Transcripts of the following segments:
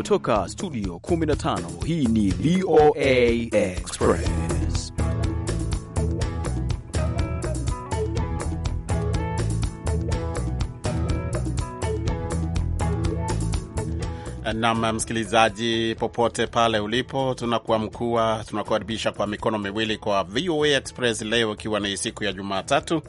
kutoka studio 15 hii ni VOA Express nam msikilizaji popote pale ulipo tunakuamkua tunakuadibisha kwa mikono miwili kwa VOA Express leo ikiwa ni siku ya Jumatatu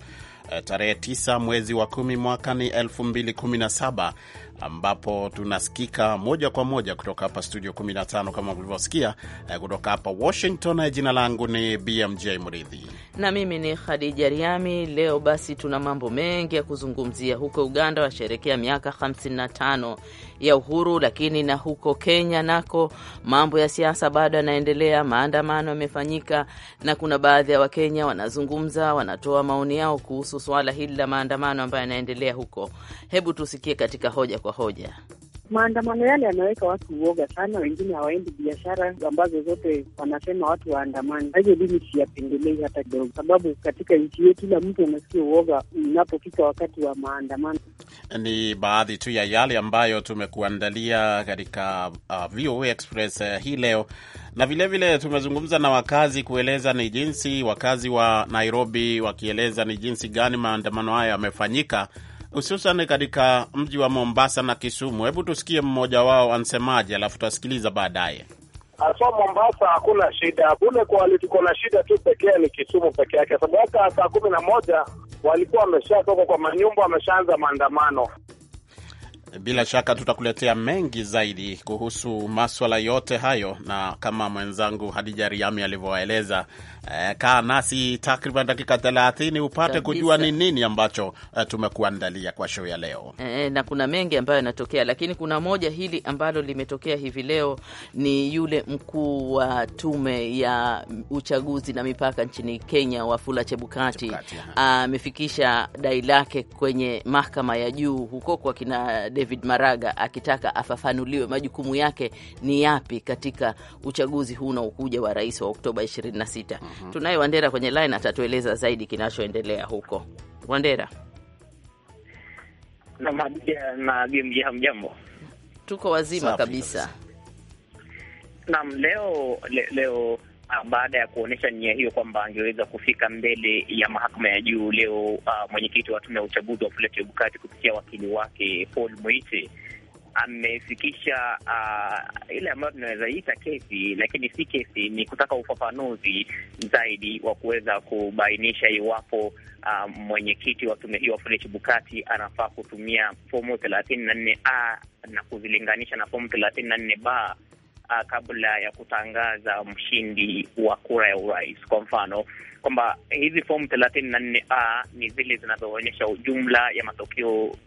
eh, tarehe 9 mwezi wa kumi mwaka ni 2017 ambapo tunasikika moja kwa moja kutoka hapa studio 15 kama mlivyosikia eh, kutoka hapa Washington. Eh, jina langu ni BMJ Mridhi na mimi ni Khadija Riami. Leo basi tuna mambo mengi ya kuzungumzia. Huko Uganda washerekea miaka 55 ya uhuru, lakini na huko Kenya nako mambo ya siasa bado yanaendelea. Maandamano yamefanyika na kuna baadhi ya Wakenya wanazungumza, wanatoa maoni yao kuhusu swala hili la maandamano ambayo yanaendelea huko. Hebu tusikie katika hoja kwa kwa hoja. Maandamano yale yanaweka watu uoga sana, wengine hawaendi biashara ambazo zote wanasema watu waandamani. Hivyo mimi siyapendelei hata kidogo, sababu katika nchi yetu kila mtu anasikia uoga unapofika wakati wa maandamano. Ni baadhi tu ya yale ambayo tumekuandalia katika uh, VOA Express uh, hii leo, na vilevile vile tumezungumza na wakazi kueleza ni jinsi wakazi wa Nairobi wakieleza ni jinsi gani maandamano hayo yamefanyika hususan katika mji wa Mombasa na Kisumu. Hebu tusikie mmoja wao ansemaji alafu tutasikiliza baadaye. Haswa Mombasa hakuna shida kule, tuko na shida tu pekee ni Kisumu peke yake, sababu hata saa kumi na moja walikuwa wameshatoka kwa manyumba, wameshaanza maandamano. Bila shaka tutakuletea mengi zaidi kuhusu maswala yote hayo, na kama mwenzangu Hadija Riami alivyoeleza, eh, kaa nasi takriban dakika thelathini upate Kabisa. kujua ni nini ambacho eh, tumekuandalia kwa show ya leo eh, na kuna mengi ambayo yanatokea, lakini kuna moja hili ambalo limetokea hivi leo, ni yule mkuu wa tume ya uchaguzi na mipaka nchini Kenya Wafula Chebukati amefikisha dai lake kwenye mahakama ya juu huko kwa kina David Maraga akitaka afafanuliwe majukumu yake ni yapi katika uchaguzi huu unaokuja wa rais wa Oktoba 26. Mm -hmm. Tunaye Wandera kwenye line atatueleza zaidi kinachoendelea huko. Wandera na Tuko wazima Safi kabisa. Naam, leo leo Ah, baada ya kuonyesha nia hiyo kwamba angeweza kufika mbele ya mahakama ya juu leo. Uh, mwenyekiti wa tume ya uchaguzi wa Wafula Chebukati kupitia wakili wake Paul Mwite amefikisha uh, ile ambayo tunaweza ita kesi, lakini si kesi, ni kutaka ufafanuzi zaidi wa kuweza kubainisha iwapo uh, mwenyekiti wa tume hiyo Wafula Chebukati anafaa kutumia fomu thelathini na nne a na kuzilinganisha na fomu thelathini na nne ba uh, kabla ya kutangaza mshindi wa kura ya urais. Kwa mfano kwamba hizi fomu thelathini na nne a ni zile zinazoonyesha ujumla ya matokeo uh,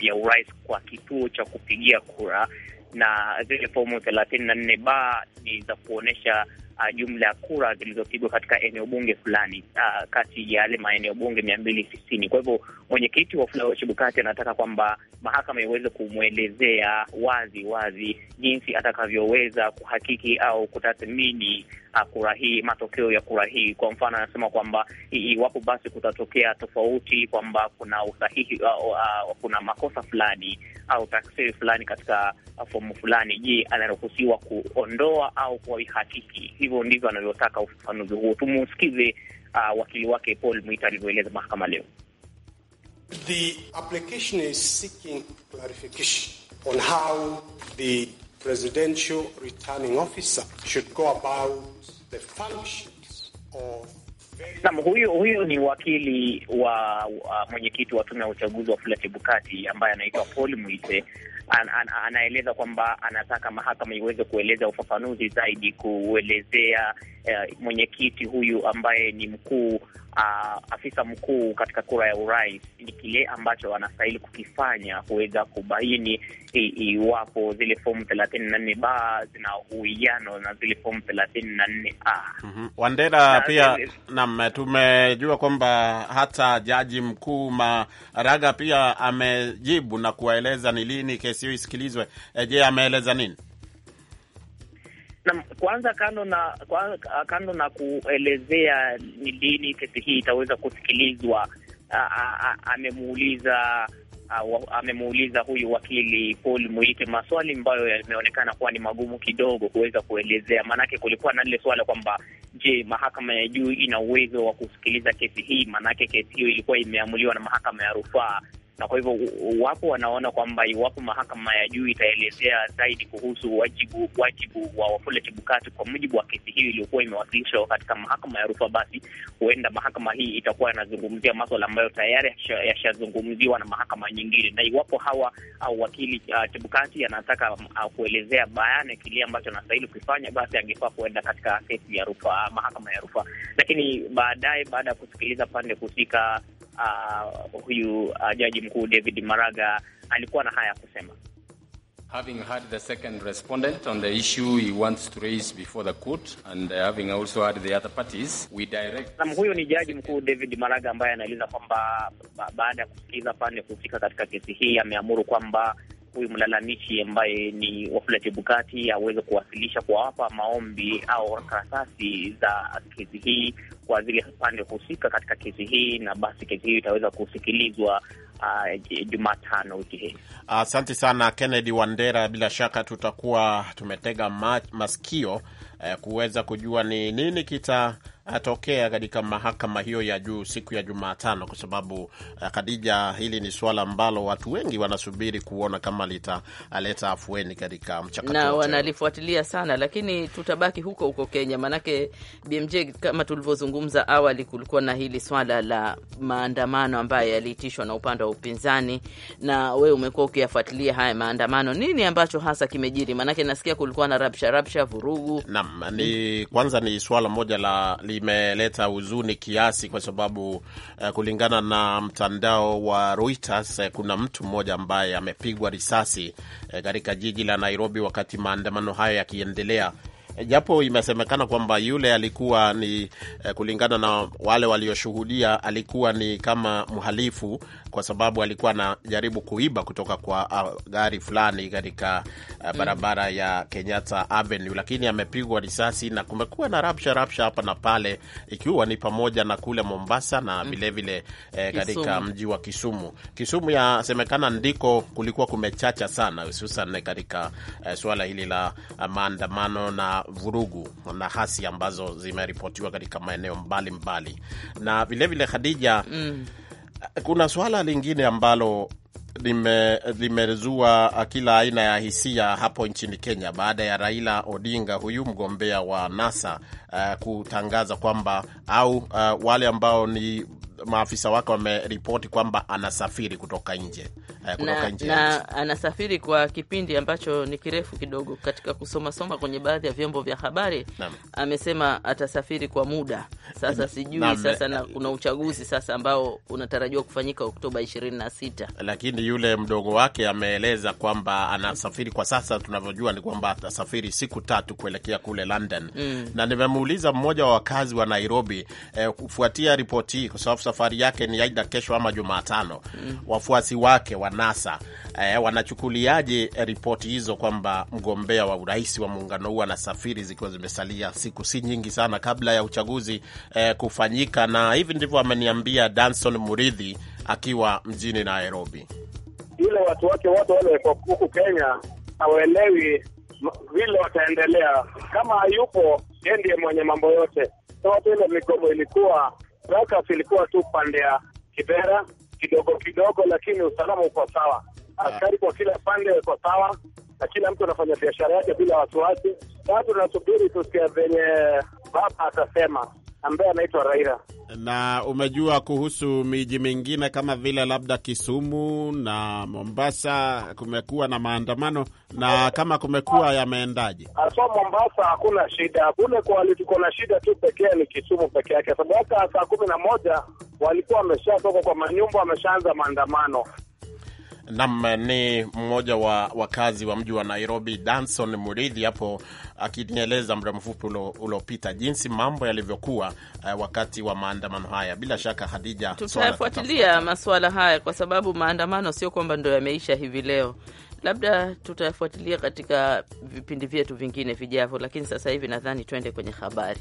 ya urais kwa kituo cha kupigia kura, na zile fomu thelathini na nne b ni za kuonyesha uh, jumla ya kura zilizopigwa katika eneo bunge fulani uh, kati ya yale maeneo bunge mia mbili sitini. Kwa hivyo mwenyekiti wa Wafula Chebukati anataka kwamba mahakama iweze kumwelezea wazi wazi jinsi atakavyoweza kuhakiki au kutathmini kura hii, matokeo ya kura hii. Kwa mfano, anasema kwamba iwapo basi kutatokea tofauti, kwamba kuna usahihi uh, uh, kuna makosa fulani au taksiri fulani katika uh, fomu fulani, je, anaruhusiwa kuondoa au kuihakiki? Hivyo ndivyo anavyotaka ufafanuzi huo. tumusikize uh, wakili wake Paul Mwita alivyoeleza mahakama leo. The application is seeking clarification on how the presidential returning officer should go about the functions of Nam, huyu huyo ni wakili wa mwenyekiti wa tume ya uchaguzi wa Wafula Chebukati ambaye anaitwa Paul Mwite. An, an, anaeleza kwamba anataka mahakama iweze kueleza ufafanuzi zaidi kuelezea eh, mwenyekiti huyu ambaye ni mkuu uh, afisa mkuu katika kura ya urais ni kile ambacho anastahili kukifanya kuweza kubaini iwapo zile fomu thelathini na nne b zina uwiano na zile fomu thelathini na nne a. Mhm. Wandera, pia nam tumejua kwamba hata jaji mkuu Maraga pia amejibu na kuwaeleza ni lini kesi hiyo isikilizwe. Eh, je, ameeleza nini? Na kwanza kando na kwa, kando na kuelezea ni lini kesi hii itaweza kusikilizwa, amemuuliza amemuuliza huyu wakili Paul Muite maswali ambayo yameonekana kuwa ni magumu kidogo kuweza kuelezea, maanake kulikuwa na lile swala kwamba je, mahakama ya juu ina uwezo wa kusikiliza kesi hii? Maanake kesi hiyo ilikuwa imeamuliwa na mahakama ya rufaa na kwa hivyo wapo wanaona kwamba iwapo mahakama ya juu itaelezea zaidi kuhusu wajibu wajibu wa Wafula Chebukati kwa mujibu wa kesi hiyo iliyokuwa imewasilishwa katika mahakama ya rufaa, basi huenda mahakama hii itakuwa inazungumzia maswala ambayo tayari yashazungumziwa na mahakama nyingine, na iwapo hawa au wakili uh, Chebukati anataka uh, kuelezea bayana kile ambacho anastahili kufanya, basi angefaa kuenda katika kesi ya rufaa, mahakama ya rufaa. Lakini baadaye, baada ya kusikiliza pande husika uh, huyu uh, jaji mkuu David Maraga alikuwa na haya kusema. Having heard the second respondent on the issue he wants to raise before the court and uh, having also heard the other parties we direct. Na huyo ni jaji mkuu David Maraga ambaye anaeleza kwamba baada ya kusikiliza pande husika katika kesi hii ameamuru kwamba huyu mlalamishi ambaye ni Wafula Chebukati aweze kuwasilisha kuwapa maombi au karatasi za kesi hii kwa zile pande husika katika kesi hii, na basi kesi hii itaweza kusikilizwa uh, Jumatano wiki hii. Asante uh, sana Kennedy Wandera, bila shaka tutakuwa tumetega ma masikio uh, kuweza kujua ni nini kita atokea katika mahakama hiyo ya juu siku ya Jumatano, kwa sababu uh, Khadija, hili ni suala ambalo watu wengi wanasubiri kuona kama litaleta afueni katika mchakato na wanalifuatilia sana, lakini tutabaki huko huko Kenya, maanake BMJ, kama tulivyozungumza awali, kulikuwa na hili swala la maandamano ambayo yaliitishwa na upande wa upinzani, na wewe umekuwa ukiyafuatilia haya maandamano. Nini ambacho hasa kimejiri? Maanake nasikia kulikuwa na rabsha rabsha, vurugu. Naam, ni kwanza ni swala moja la limeleta huzuni kiasi, kwa sababu uh, kulingana na mtandao wa Reuters uh, kuna mtu mmoja ambaye amepigwa risasi eh, katika uh, jiji la Nairobi wakati maandamano hayo yakiendelea japo imesemekana kwamba yule alikuwa ni eh, kulingana na wale walioshuhudia, alikuwa ni kama mhalifu, kwa sababu alikuwa anajaribu kuiba kutoka kwa ah, gari fulani katika eh, mm. barabara ya Kenyatta Avenue, lakini amepigwa risasi na kumekuwa na rapsha rapsha hapa na pale, ikiwa ni pamoja na kule Mombasa na vilevile mm. eh, katika mji wa Kisumu. Kisumu yasemekana ndiko kulikuwa kumechacha sana, hususan katika eh, suala hili la ah, maandamano na vurugu na hasi ambazo zimeripotiwa katika maeneo mbalimbali mbali. Na vilevile Khadija, mm. kuna suala lingine ambalo lime, limezua kila aina ya hisia hapo nchini Kenya baada ya Raila Odinga huyu mgombea wa NASA uh, kutangaza kwamba au uh, wale ambao ni maafisa wake wameripoti kwamba anasafiri kutoka nje eh, kutoka nje na anasafiri kwa kipindi ambacho ni kirefu kidogo. Katika kusomasoma kwenye baadhi ya vyombo vya habari amesema atasafiri kwa muda sasa, sijui sasa na, kuna uchaguzi sasa ambao unatarajiwa kufanyika Oktoba 26, lakini yule mdogo wake ameeleza kwamba anasafiri kwa sasa, tunavyojua ni kwamba atasafiri siku tatu kuelekea kule London mm. na nimemuuliza mmoja wa wakazi wa Nairobi eh, kufuatia ripoti hii kwa sababu safari yake ni aidha kesho ama Jumatano. mm. Wafuasi wake wa NASA eh, wanachukuliaje eh, ripoti hizo kwamba mgombea wa urais wa muungano huu anasafiri zikiwa zimesalia siku si nyingi sana kabla ya uchaguzi eh, kufanyika? Na hivi ndivyo ameniambia Danson Muridhi akiwa mjini Nairobi. Ile watu wake wote wale huku Kenya hawaelewi vile wataendelea kama hayupo, ndiye mwenye mambo yote. Sote ile mikomo ilikuwa raka ilikuwa tu pande ya Kibera kidogo kidogo, lakini usalama uko sawa, askari kwa kila pande uko sawa na kila mtu anafanya biashara yake bila wasiwasi. Watu tunasubiri tusikia venye baba atasema ambaye anaitwa Raila. Na umejua kuhusu miji mingine kama vile labda Kisumu na Mombasa, kumekuwa na maandamano na kama kumekuwa yameendaje? Hasa Mombasa hakuna shida kule, kwa tuko na shida tu pekee ni Kisumu peke yake, sababu hata saa kumi na moja walikuwa wameshatoka kwa manyumba, wameshaanza maandamano. Nam ni mmoja wa wakazi wa mji wa Nairobi, Danson Muridhi, hapo akinieleza muda mfupi uliopita jinsi mambo yalivyokuwa uh, wakati wa maandamano haya. Bila shaka, Hadija, tutayafuatilia masuala haya kwa sababu maandamano sio kwamba ndo yameisha hivi leo labda tutayafuatilia katika vipindi vyetu vingine vijavyo, lakini sasa hivi nadhani tuende kwenye habari.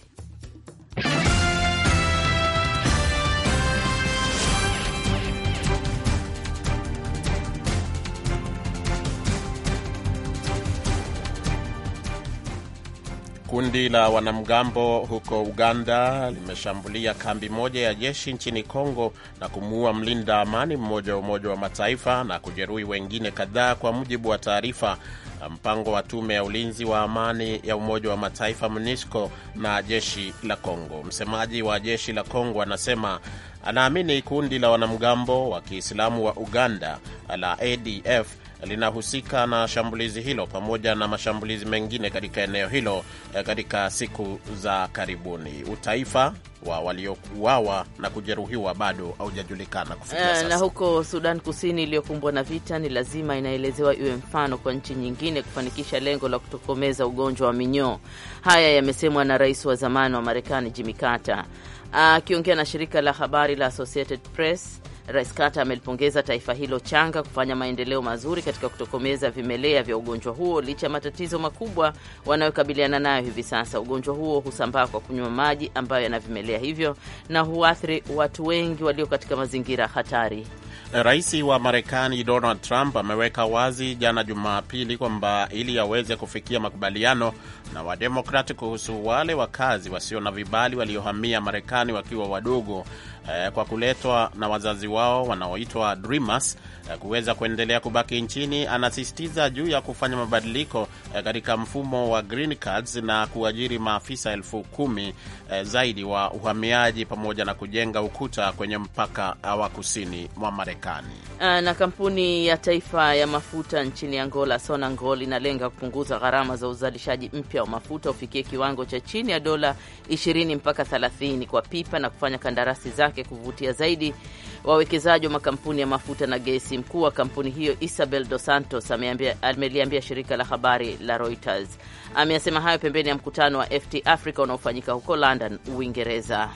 Kundi la wanamgambo huko Uganda limeshambulia kambi moja ya jeshi nchini Kongo na kumuua mlinda amani mmoja wa Umoja wa Mataifa na kujeruhi wengine kadhaa, kwa mujibu wa taarifa mpango wa tume ya ulinzi wa amani ya Umoja wa Mataifa MONUSCO na jeshi la Kongo. Msemaji wa jeshi la Kongo anasema anaamini kundi la wanamgambo wa Kiislamu wa Uganda la ADF linahusika na shambulizi hilo pamoja na mashambulizi mengine katika eneo hilo eh, katika siku za karibuni. Utaifa wa waliouawa na kujeruhiwa bado haujajulikana kufikia eh, sasa. Na huko Sudan Kusini iliyokumbwa na vita, ni lazima inaelezewa iwe mfano kwa nchi nyingine kufanikisha lengo la kutokomeza ugonjwa wa minyoo. Haya yamesemwa na rais wa zamani wa Marekani Jimmy Carter akiongea na shirika la habari la Associated Press. Rais Carter amelipongeza taifa hilo changa kufanya maendeleo mazuri katika kutokomeza vimelea vya ugonjwa huo licha ya matatizo makubwa wanayokabiliana nayo hivi sasa. Ugonjwa huo husambaa kwa kunywa maji ambayo yana vimelea hivyo na huathiri watu wengi walio katika mazingira hatari. Rais wa Marekani Donald Trump ameweka wazi jana Jumapili kwamba ili aweze kufikia makubaliano na Wademokrati kuhusu wale wakazi wasio na vibali waliohamia Marekani wakiwa wadogo eh, kwa kuletwa na wazazi wao wanaoitwa Dreamers eh, kuweza kuendelea kubaki nchini. Anasisitiza juu ya kufanya mabadiliko eh, katika mfumo wa green cards na kuajiri maafisa elfu kumi eh, zaidi wa uhamiaji pamoja na kujenga ukuta kwenye mpaka eh, wa kusini mwa Marekani. Ah, na kampuni ya taifa ya mafuta nchini Angola Sonangol inalenga kupunguza gharama za uzalishaji mpya wa mafuta ufikie kiwango cha chini ya dola 20 mpaka 30 kwa pipa na kufanya kandarasi zake yake kuvutia zaidi wawekezaji wa makampuni ya mafuta na gesi. Mkuu wa kampuni hiyo Isabel Dos Santos ameliambia shirika la habari la Reuters. Ameyasema hayo pembeni ya mkutano wa FT Africa unaofanyika huko London, Uingereza.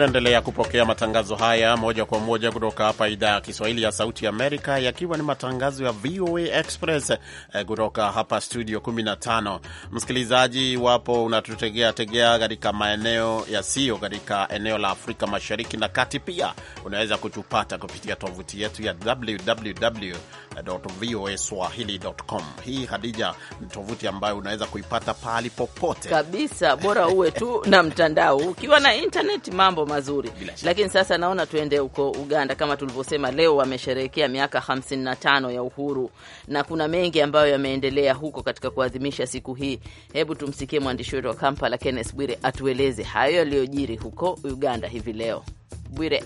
Unaendelea kupokea matangazo haya moja kwa moja kutoka hapa idhaa ya Kiswahili ya Sauti Amerika, yakiwa ni matangazo ya VOA Express eh, kutoka hapa studio 15. Msikilizaji, iwapo unatutegea tegea katika maeneo yasiyo katika eneo la Afrika Mashariki na Kati, pia unaweza kutupata kupitia tovuti yetu ya www voa swahili.com. Hii Hadija ni tovuti ambayo unaweza kuipata pahali popote kabisa, bora uwe tu na mtandao. Ukiwa na internet mambo mazuri, lakini sasa naona tuende huko Uganda. Kama tulivyosema, leo wamesherehekea miaka 55 ya uhuru na kuna mengi ambayo yameendelea huko katika kuadhimisha siku hii. Hebu tumsikie mwandishi wetu wa Kampala, Kenneth Bwire, atueleze hayo yaliyojiri huko Uganda hivi leo. Bwire.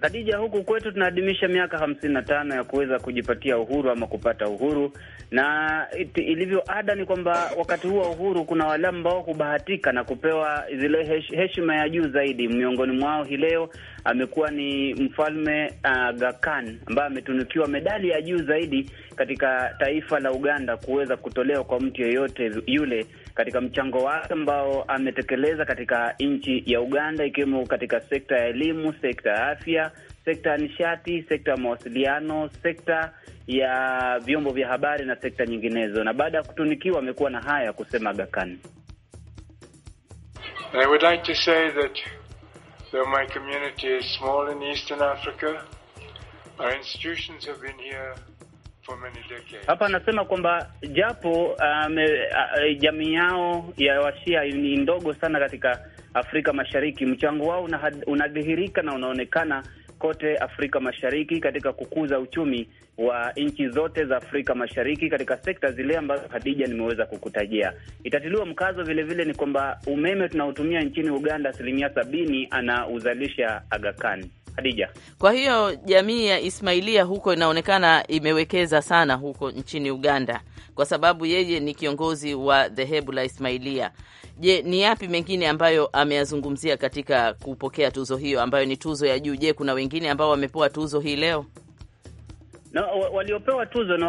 Khadija, huku kwetu tunaadhimisha miaka hamsini na tano ya kuweza kujipatia uhuru ama kupata uhuru, na ilivyo ada ni kwamba wakati huu wa uhuru kuna wale ambao kubahatika na kupewa zile heshima ya juu zaidi. Miongoni mwao hii leo amekuwa ni mfalme uh, Gakan ambaye ametunukiwa medali ya juu zaidi katika taifa la Uganda kuweza kutolewa kwa mtu yeyote yule katika mchango wake ambao ametekeleza katika nchi ya Uganda, ikiwemo katika sekta ya elimu, sekta ya afya, sekta ya nishati, sekta ya mawasiliano, sekta ya vyombo vya habari na sekta nyinginezo. Na baada ya kutunikiwa, amekuwa na haya ya kusema Gakani. I would like to say that though my community is small in Eastern Africa, our institutions have been here hapa anasema kwamba japo um, eh, eh, jamii yao ya washia ni ndogo sana katika Afrika Mashariki, mchango wao unadhihirika na unaonekana kote Afrika Mashariki katika kukuza uchumi wa nchi zote za Afrika Mashariki katika sekta zile ambazo Hadija nimeweza kukutajia. Itatiliwa mkazo vilevile vile ni kwamba umeme tunaotumia nchini Uganda asilimia sabini anauzalisha Aga Khan. Khadija. Kwa hiyo jamii ya Ismailia huko inaonekana imewekeza sana huko nchini Uganda, kwa sababu yeye ni kiongozi wa dhehebu la Ismailia. Je, ni yapi mengine ambayo ameyazungumzia katika kupokea tuzo hiyo ambayo ni tuzo ya juu? Je, kuna wengine ambao wamepewa tuzo hii leo? No, waliopewa tuzo na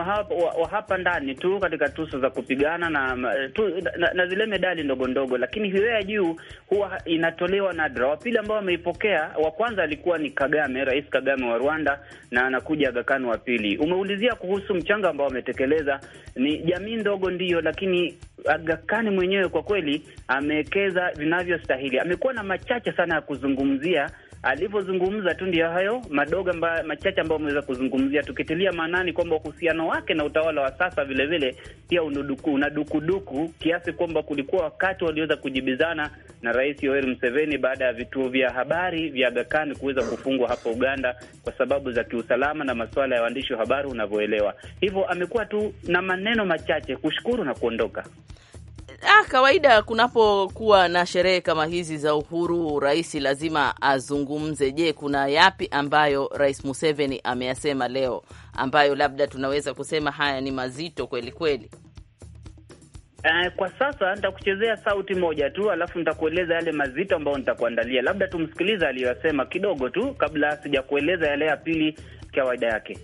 wa hapa ndani tu katika tuzo za kupigana na, tu, na, na zile medali ndogo ndogo, lakini hiyo ya juu huwa inatolewa nadra. Wa pili ambao wameipokea, wa kwanza alikuwa ni Kagame, Rais Kagame wa Rwanda, na anakuja Aga Khan wa pili. Umeulizia kuhusu mchango ambao wametekeleza, ni jamii ndogo ndiyo, lakini Aga Khan mwenyewe kwa kweli amewekeza vinavyostahili. Amekuwa na machache sana ya kuzungumzia alivyozungumza tu ndio hayo madogo mba, machache ambayo ameweza kuzungumzia, tukitilia maanani kwamba uhusiano wake na utawala wa sasa vilevile pia una dukuduku kiasi kwamba kulikuwa wakati waliweza kujibizana na Rais Yoweri Museveni baada ya vituo vya habari vya Aga Khan kuweza kufungwa hapo Uganda kwa sababu za kiusalama na masuala ya waandishi wa habari, unavyoelewa. Hivyo amekuwa tu na maneno machache kushukuru na kuondoka. Ah, kawaida kunapokuwa na sherehe kama hizi za uhuru, rais lazima azungumze. Je, kuna yapi ambayo Rais Museveni ameyasema leo ambayo labda tunaweza kusema haya ni mazito kweli kweli? Uh, kwa sasa nitakuchezea sauti moja tu alafu nitakueleza yale mazito ambayo nitakuandalia. Labda tumsikilize aliyoyasema kidogo tu kabla sijakueleza yale ya pili kawaida yake.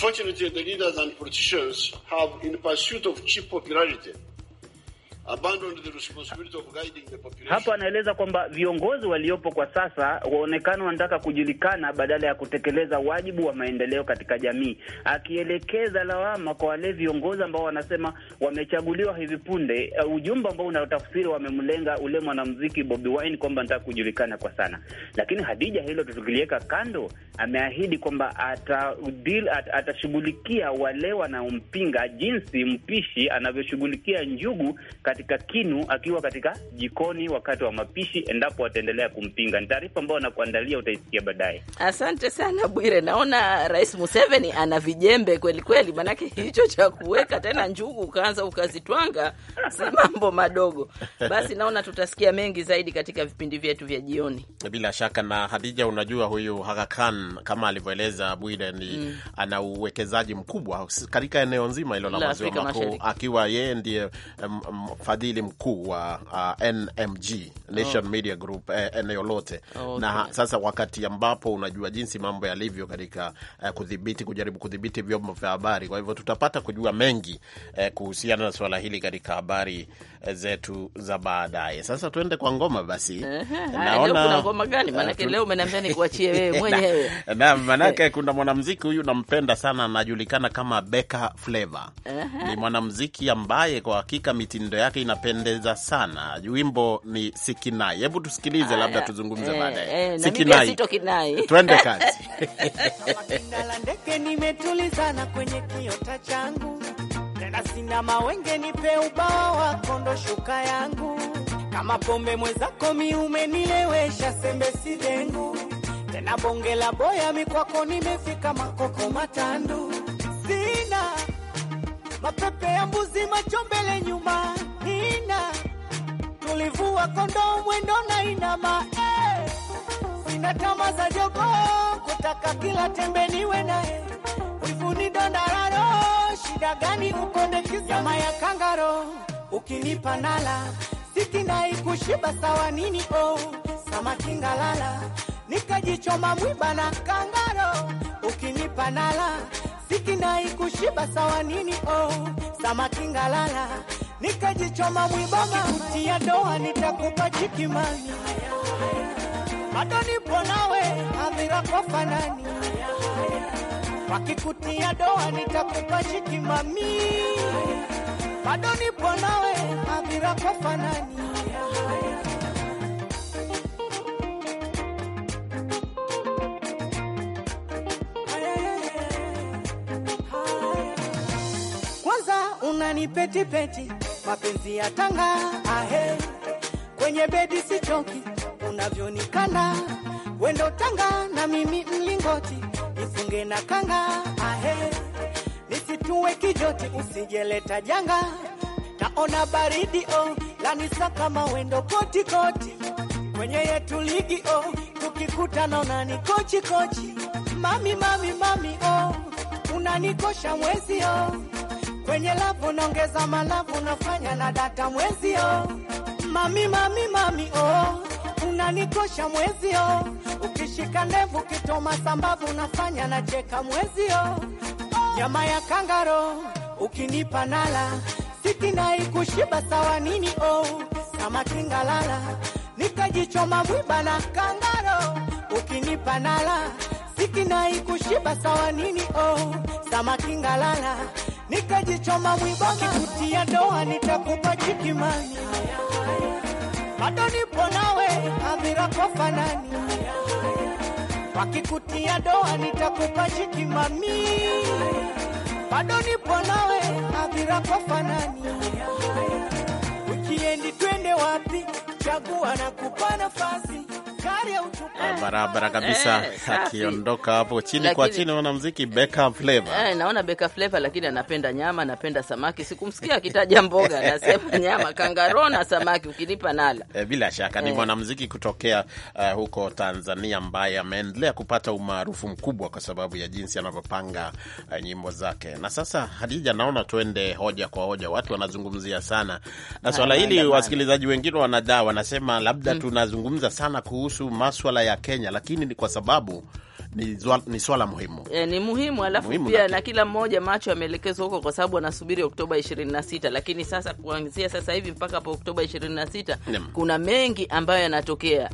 Fortunately, the leaders and politicians have in pursuit of cheap popularity hapo anaeleza kwamba viongozi waliopo kwa sasa waonekana wanataka kujulikana badala ya kutekeleza wajibu wa maendeleo katika jamii, akielekeza lawama kwa wale viongozi ambao wanasema wamechaguliwa hivi punde. Uh, ujumbe ambao unaotafsiri wamemlenga ule mwanamuziki Bobi Wine kwamba anataka kujulikana kwa sana. Lakini Hadija, hilo tutukiliweka kando, ameahidi kwamba atashughulikia at, ata wale wanaompinga jinsi mpishi anavyoshughulikia njugu katika kinu akiwa katika jikoni wakati wa mapishi, endapo wataendelea kumpinga. Ni taarifa ambayo anakuandalia, utaisikia baadaye. Asante sana Bwire. Naona Rais Museveni ana vijembe kweli kweli, manake hicho cha kuweka tena njugu ukaanza ukazitwanga, si mambo madogo. Basi naona tutasikia mengi zaidi katika vipindi vyetu vya jioni, bila shaka. Na Hadija, unajua huyu Aga Khan kama alivyoeleza Bwire ni mm, ana uwekezaji mkubwa katika eneo nzima hilo la maziwa makuu, akiwa yeye ndiye mm, mm, mfadhili mkuu wa uh, NMG Nation oh. Media Group eh, eneo lote oh, okay. Na sasa wakati ambapo unajua jinsi mambo yalivyo katika eh, kudhibiti, kujaribu kudhibiti vyombo vya habari, kwa hivyo tutapata kujua mengi eh, kuhusiana na suala hili katika habari eh, zetu za baadaye. Sasa tuende kwa ngoma basi. Naona kuna ngoma gani? Eh, manake leo umeniambia nikuachie wewe mwenyewe. Naam, manake eh. kuna mwanamuziki huyu nampenda sana, anajulikana kama Beka Flavor. Ni mwanamuziki ambaye kwa hakika mitindo yake yake inapendeza sana. Wimbo ni Sikinai. Hebu tusikilize, labda tuzungumze eh, baadaye. Eh, Sikinai, twende kazi. nimetulizana kwenye kiota changu, tena sina mawenge, nipe ubawa wako ndo shuka yangu, kama pombe mwezako miume nilewesha sembe sidengu, tena bonge la boya mikwako nimefika makoko matandu, sina mapepe ya mbuzi machombele nyuma sina, tulivua kondoo mwendo na inama eh. Sina tama za jogoo kutaka kila tembe niwe naye ulivuni dondararo, shida gani ukondekiza nyama ya kangaro ukinipa nala sikina ikushiba sawa nini oh samaki ngalala nikajichoma mwiba na kangaro ukinipa nala sikina ikushiba sawa nini oh samaki ngalala nikajichoma mwibama kutia doha nitakupa chikimani, bado nipo nawe amira kwa fanani, wakikutia doha nitakupa chikimami, bado nipo nawe amira kwa fanani. Kwanza unanipetipeti mapenzi ya tanga ahe, kwenye bedi sichoki, unavyonikana wendo tanga na mimi mlingoti, nifunge na kanga ahe, nisitue kijoti, usijeleta janga, taona baridi oh, lanisa kama wendo koti koti, kwenye yetu ligi oh, tukikutana ni kochi kochi, mami mami mami oh, unanikosha mwezi oh kwenye lavu naongeza malavu, nafanya na data mwezio. Mami, mami, mami, oh, unanikosha mwezio. Ukishika ndevu kitoma sambavu, nafanya na cheka mwezio. Nyama ya kangaro ukinipa nala, sitina ikushiba sawa nini? Oh, kama kingalala nikajichoma mwiba na kangaro ukinipa nala, sitina ikushiba sawa nini? Oh, kama kingalala nikajichoma mwiba, kikutia doa nitakupa jikimani, bado nipo nawe hadhira kwa fanani, wakikutia doa nitakupa jikimami, bado nipo nawe hadhira kwa fanani, wikiendi twende wapi? Chagua na kupa nafasi Ah, barabara kabisa eh, akiondoka hapo chini lakini, kwa chini wanamuziki Beka Flavor eh, naona Beka Flavor lakini anapenda nyama, anapenda samaki. Sikumsikia akitaja mboga, anasema nyama, kangaroo na samaki, ukinipa nala eh, bila shaka eh, ni mwanamuziki kutokea uh, huko Tanzania ambaye ameendelea kupata umaarufu mkubwa kwa sababu ya jinsi anavyopanga uh, nyimbo zake. Na sasa Hadija, naona tuende hoja kwa hoja, watu wanazungumzia sana na swala hili, wasikilizaji wengine wanadaa wanasema labda hmm, tunazungumza sana kuhusu maswala ya Kenya, lakini ni kwa sababu ni, zwa, ni swala muhimu e, ni muhimu alafu muhimu pia na kila mmoja macho yameelekezwa huko, kwa sababu anasubiri Oktoba 26, lakini sasa kuanzia sasa hivi mpaka hapo Oktoba 26 kuna mengi ambayo yanatokea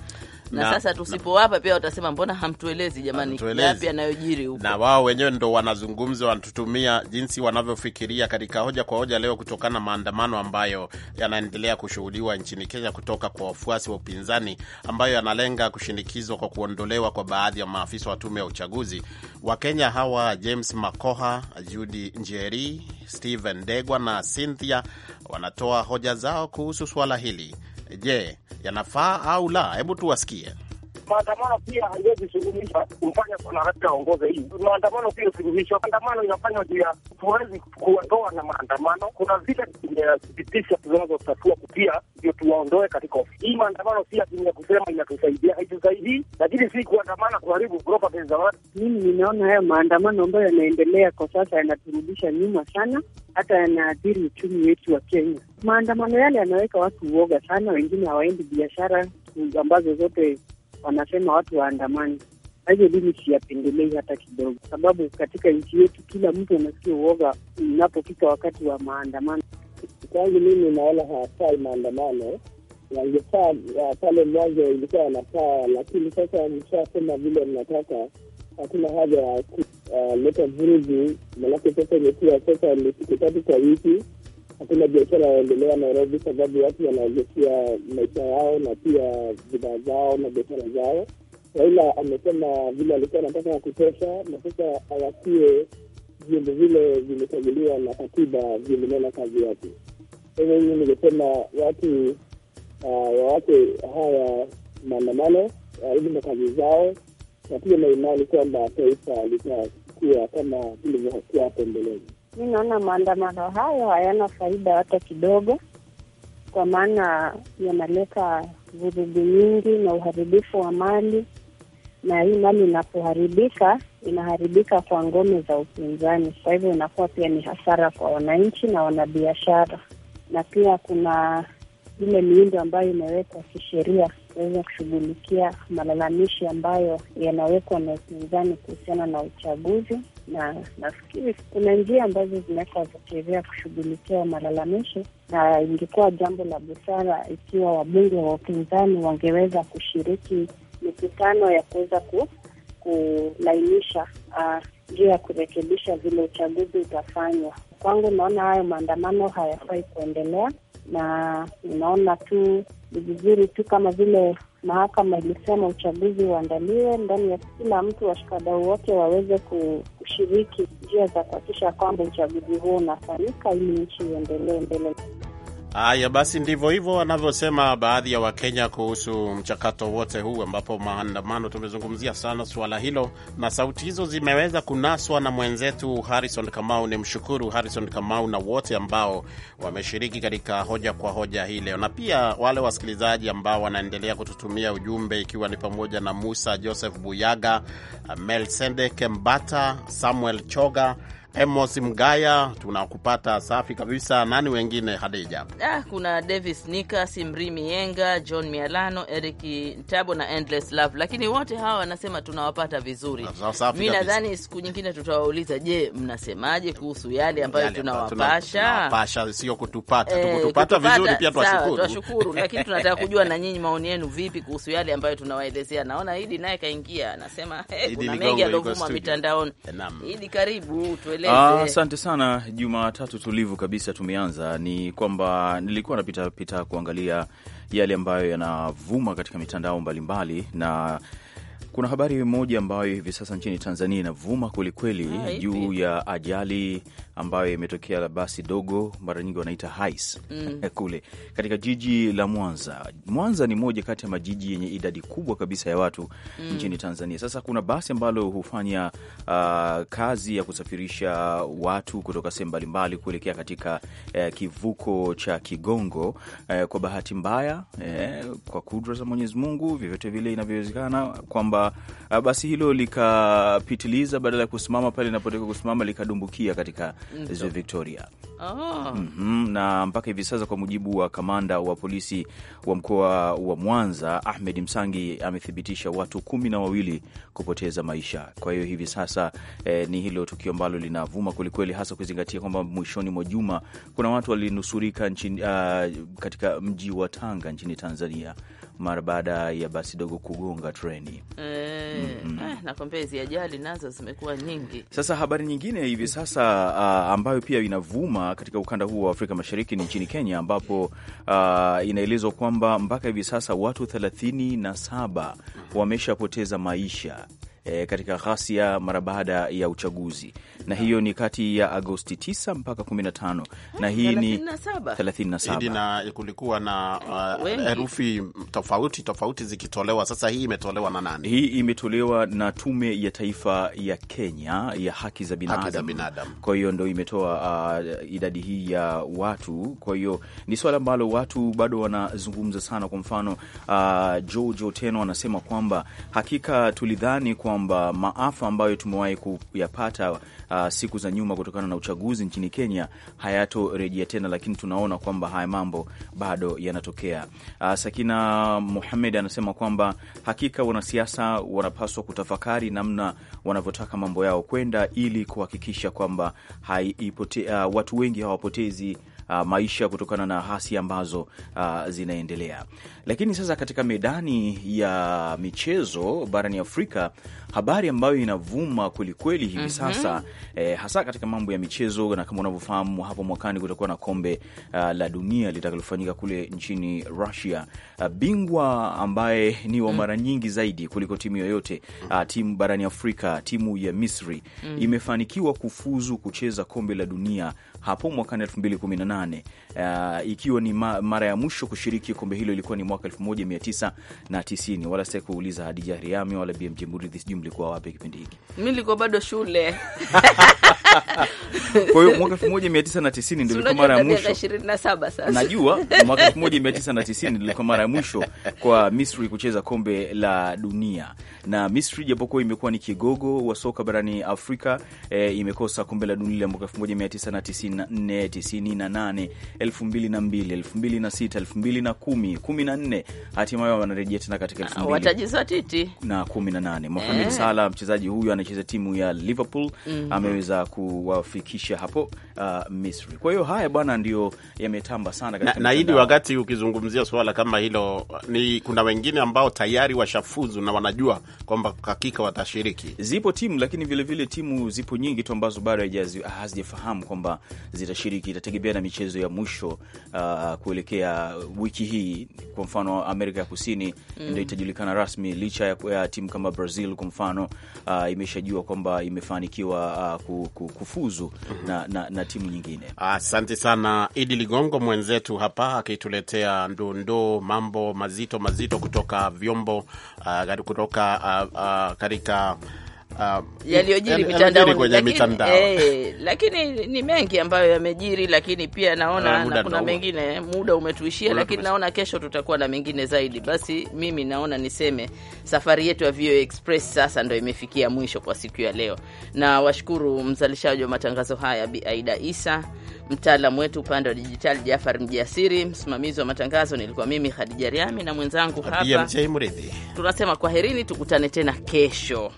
na, na sasa tusipowapa pia watasema mbona hamtuelezi jamani, yapi yanayojiri huko. Na wao wenyewe ndo wanazungumza, wanatutumia jinsi wanavyofikiria katika hoja kwa hoja leo, kutokana na maandamano ambayo yanaendelea kushuhudiwa nchini Kenya kutoka kwa wafuasi wa upinzani, ambayo yanalenga kushinikizwa kwa kuondolewa kwa baadhi ya maafisa wa tume ya uchaguzi. Wakenya hawa James Makoha, Judy Njeri, Stephen Degwa na Cynthia wanatoa hoja zao kuhusu swala hili. Je, yanafaa au la? Hebu tuwasikie. Maandamano pia haiwezi suluhisha kumfanya mwanahabari aongoze hii. Maandamano pia suluhisho, maandamano inafanywa juu ya, tuwezi kuondoa na maandamano. Kuna vile vipitisha tunazotatua kupia ndio tuwaondoe katika ofisi hii. Maandamano pia ya kusema inatusaidia, haitusaidii, lakini si kuandamana kuharibu property za watu. Mimi ninaona hayo maandamano ambayo yanaendelea kwa sasa yanaturudisha nyuma sana, hata yanaathiri uchumi wetu wa Kenya. Maandamano yale yanaweka watu uoga sana, wengine hawaendi biashara ambazo zote wanasema watu waandamani, na hiyo limi siyapendelei hata kidogo, sababu katika nchi yetu kila mtu anasikia uoga inapofika wakati wa maandamano. Kwangu mimi naona hawafai maandamano, wangefaa eh, pale mwanzo ilikuwa wanafaa, lakini sasa mshasema vile mnataka, hakuna haja ya kuleta eh, vurugu, manake sasa imekuwa sasa ni siku tatu kwa wiki hakuna biashara yaendelea Nairobi sababu watu wanaogesia maisha yao na pia bidhaa zao na biashara zao. Raila amesema vile alikuwa anataka kutosha, na sasa awatie vyombo vile vimechaguliwa na katiba vimenena kazi yake. Kwa hivyo mimi ningesema watu ah, wawake haya maandamano, warudi na kazi zao, na pia na imani kwamba taifa litakuwa kama tulivyokuwa hapo mbeleni mi naona maandamano hayo hayana faida hata kidogo, kwa maana yanaleta vurugu nyingi na uharibifu wa mali, na hii mali inapoharibika inaharibika kwa ngome za upinzani. Kwa hivyo inakuwa pia ni hasara kwa wananchi na wanabiashara, na pia kuna ile miundo ambayo imewekwa kisheria kuweza kushughulikia malalamishi ambayo yanawekwa na upinzani kuhusiana na uchaguzi, na nafikiri kuna njia ambazo zinawekwa za sheria kushughulikia malalamishi, na ingekuwa jambo la busara ikiwa wabunge wa upinzani wangeweza kushiriki mikutano ya kuweza ku, kulainisha njia uh, ya kurekebisha vile uchaguzi utafanywa. Kwangu naona hayo maandamano hayafai kuendelea, na unaona tu ni vizuri tu kama vile mahakama ilisema uchaguzi uandaliwe ndani ya kila mtu, washikadau wote waweze kushiriki njia za kuhakikisha kwamba uchaguzi huo unafanyika ili nchi iendelee mbele. Haya basi, ndivyo hivyo wanavyosema baadhi ya Wakenya kuhusu mchakato wote huu, ambapo maandamano, tumezungumzia sana suala hilo, na sauti hizo zimeweza kunaswa na mwenzetu Harrison Kamau. Ni mshukuru Harrison Kamau na wote ambao wameshiriki katika hoja kwa hoja hii leo, na pia wale wasikilizaji ambao wanaendelea kututumia ujumbe, ikiwa ni pamoja na Musa Joseph Buyaga, Melsendek Mbata, Samuel Choga Emos Mgaya, tunakupata safi kabisa. Nani wengine Hadija? Ah, kuna Davis Nika, Simri Mienga, John Mialano, Eric Ntabo na Endless Love, lakini wote hawa wanasema tunawapata vizuri. Mi nadhani siku nyingine tutawauliza, je, mnasemaje kuhusu yale ambayo tunawapasha? Tunawapasha sio kutupata, eh, tukutupata vizuri pia twashukuru, lakini tunataka kujua na nyinyi maoni yenu vipi kuhusu yale ambayo tunawaelezea. Naona Idi naye kaingia, anasema hey, kuna mengi yaliovuma mitandaoni. Idi, karibu tuele Ah, asante ah, sana. Jumatatu tulivu kabisa tumeanza. Ni kwamba nilikuwa napitapita kuangalia yale ambayo yanavuma katika mitandao mbalimbali mbali, na kuna habari moja ambayo hivi sasa nchini Tanzania inavuma kwelikweli ah, juu ya ajali ambayo imetokea basi dogo, mara nyingi wanaita hais mm. Eh, kule katika jiji la Mwanza. Mwanza ni moja kati ya majiji yenye idadi kubwa kabisa ya watu mm. nchini Tanzania. Sasa kuna basi ambalo hufanya uh, kazi ya kusafirisha watu kutoka sehemu mbalimbali kuelekea katika uh, kivuko cha Kigongo. Uh, kwa bahati mbaya uh, kwa kudra za Mwenyezi Mungu, vyovyote vile inavyowezekana kwamba uh, basi hilo likapitiliza badala ya kusimama pale inapotoka kusimama likadumbukia katika ziwa Victoria. Oh. Mm -hmm. Na mpaka hivi sasa kwa mujibu wa kamanda wa polisi wa mkoa wa Mwanza Ahmed Msangi amethibitisha watu kumi na wawili kupoteza maisha. Kwa hiyo hivi sasa eh, ni hilo tukio ambalo linavuma kwelikweli, hasa kuzingatia kwamba mwishoni mwa juma kuna watu walinusurika nchini, uh, katika mji wa Tanga nchini Tanzania mara baada ya basi dogo kugonga treni nakwambia hizi ajali nazo zimekuwa nyingi. Sasa habari nyingine hivi sasa uh, ambayo pia inavuma katika ukanda huu wa Afrika Mashariki ni nchini Kenya ambapo uh, inaelezwa kwamba mpaka hivi sasa watu thelathini na saba wameshapoteza maisha e, katika ghasia mara baada ya uchaguzi, na hiyo ni kati ya Agosti 9 mpaka 15 na hii ni 37 na kulikuwa na uh, herufi uh, tofauti tofauti zikitolewa. Sasa hii imetolewa na nani? Hii imetolewa na Tume ya Taifa ya Kenya ya Haki za Binadamu, kwa hiyo ndo imetoa uh, idadi hii ya watu. Kwa hiyo ni swala ambalo watu bado wanazungumza sana. Kwa mfano uh, George Otieno anasema kwamba hakika tulidhani kwa kwamba maafa ambayo tumewahi kuyapata uh, siku za nyuma kutokana na uchaguzi nchini Kenya hayatorejea tena, lakini tunaona kwamba haya mambo bado yanatokea. Uh, Sakina Muhamed anasema kwamba hakika wanasiasa wanapaswa kutafakari namna wanavyotaka mambo yao kwenda ili kuhakikisha kwamba uh, watu wengi hawapotezi uh, maisha kutokana na hasi ambazo uh, zinaendelea. Lakini sasa katika medani ya michezo barani Afrika, habari ambayo inavuma kwelikweli hivi mhm. sasa mm -hmm. eh, hasa katika mambo ya michezo, na kama unavyofahamu hapo mwakani kutakuwa na kombe uh, la dunia litakalofanyika kule nchini Russia. Uh, bingwa ambaye ni wa mm. mara nyingi zaidi kuliko timu yoyote uh, timu barani Afrika, timu ya Misri mm -hmm. imefanikiwa kufuzu kucheza kombe la dunia hapo mwakani 2018 uh, ikiwa ni ma, mara ya mwisho kushiriki kombe hilo ilikuwa ni mwaka 1990. Wala sitaki kuuliza Hadija Riami wala BMJ Muridhi, sijui mlikuwa wapi kipindi hiki. Mimi nilikuwa bado shule kwa hiyo mwaka 1990 ndio ilikuwa mara ya mwisho. 27 sasa najua mwaka 1990 ndio ilikuwa mara ya mwisho kwa Misri kucheza kombe la dunia, na Misri japokuwa imekuwa ni kigogo wa soka barani Afrika, eh, imekosa kombe la dunia mwaka 1990 94, hatimaye wanarejea tena katika 2000 watajizatiti na nane. Mohamed eh, Salah mchezaji huyu anacheza timu ya Liverpool mm -hmm. ameweza kuwafikisha hapo uh, Misri. Kwa hiyo haya bwana, ndio yametamba sana katika na, na wakati ukizungumzia suala kama hilo ni kuna wengine ambao tayari washafuzu na wanajua kwamba hakika watashiriki. Zipo timu lakini vilevile vile timu zipo nyingi tu ambazo bado hazijafahamu kwamba zitashiriki, itategemea na michezo ya mwisho uh, kuelekea wiki hii. Kwa mfano Amerika ya Kusini mm. ndio itajulikana rasmi, licha ya, ya timu kama Brazil kwa mfano uh, imeshajua kwamba imefanikiwa uh, kufuzu mm -hmm. na, na, na timu nyingine. Asante ah, sana Idi Ligongo mwenzetu hapa akituletea ndondoo, mambo mazito mazito kutoka vyombo uh, kutoka uh, uh, katika uh, yaliyojiri mitandaoni kwenye mitandao eh, lakini ni mengi ambayo yamejiri, lakini pia naona uh, eh, na kuna mengine eh, muda umetuishia, lakini naona kesho tutakuwa na mengine zaidi. Basi mimi naona niseme safari yetu ya VOA Express sasa ndo imefikia mwisho kwa siku ya leo, na washukuru mzalishaji wa matangazo haya Bi Aida Isa, mtaalam wetu upande wa dijitali Jafar Mjasiri, msimamizi wa matangazo nilikuwa mimi Khadija Riami na mwenzangu hapa tunasema kwaherini, tukutane tena kesho.